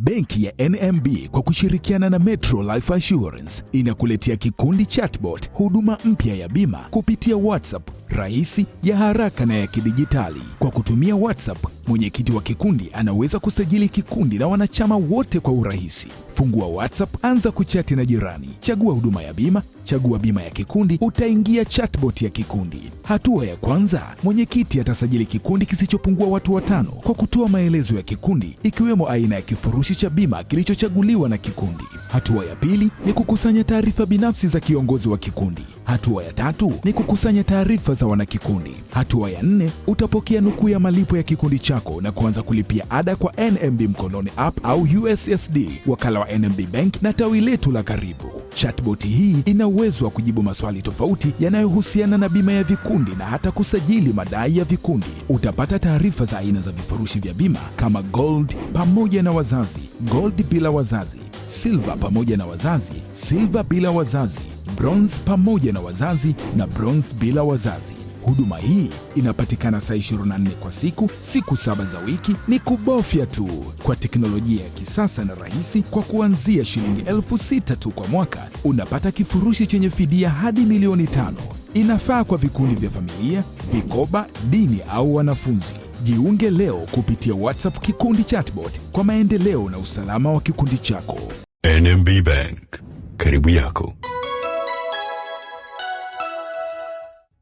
Benki ya NMB kwa kushirikiana na Metro Life Assurance inakuletea kikundi chatbot, huduma mpya ya bima kupitia WhatsApp rahisi, ya haraka na ya kidijitali. Kwa kutumia WhatsApp, mwenyekiti wa kikundi anaweza kusajili kikundi na wanachama wote kwa urahisi. Fungua WhatsApp, anza kuchati na jirani, chagua huduma ya bima, chagua bima ya kikundi, utaingia chatbot ya kikundi. Hatua ya kwanza, mwenyekiti atasajili kikundi kisichopungua watu watano kwa kutoa maelezo ya kikundi, ikiwemo aina ya kifurushi cha bima kilichochaguliwa na kikundi. Hatua ya pili ni kukusanya taarifa binafsi za kiongozi wa kikundi. Hatua ya tatu ni kukusanya taarifa za wanakikundi. Hatua ya nne, utapokea nukuu ya malipo ya kikundi chako na kuanza kulipia ada kwa NMB Mkononi app au USSD, wakala wa NMB Bank na tawi letu la karibu. Chatbot hii ina uwezo wa kujibu maswali tofauti yanayohusiana na bima ya vikundi na hata kusajili madai ya vikundi. Utapata taarifa za aina za vifurushi vya bima kama gold pamoja na wazazi, gold bila wazazi, silver pamoja na wazazi, silver bila wazazi Bronze pamoja na wazazi na Bronze bila wazazi. Huduma hii inapatikana saa 24 kwa siku, siku saba za wiki. Ni kubofya tu kwa teknolojia ya kisasa na rahisi. Kwa kuanzia shilingi elfu sita tu kwa mwaka unapata kifurushi chenye fidia hadi milioni tano. Inafaa kwa vikundi vya familia, vikoba, dini au wanafunzi. Jiunge leo kupitia WhatsApp kikundi chatbot kwa maendeleo na usalama wa kikundi chako. NMB Bank karibu yako.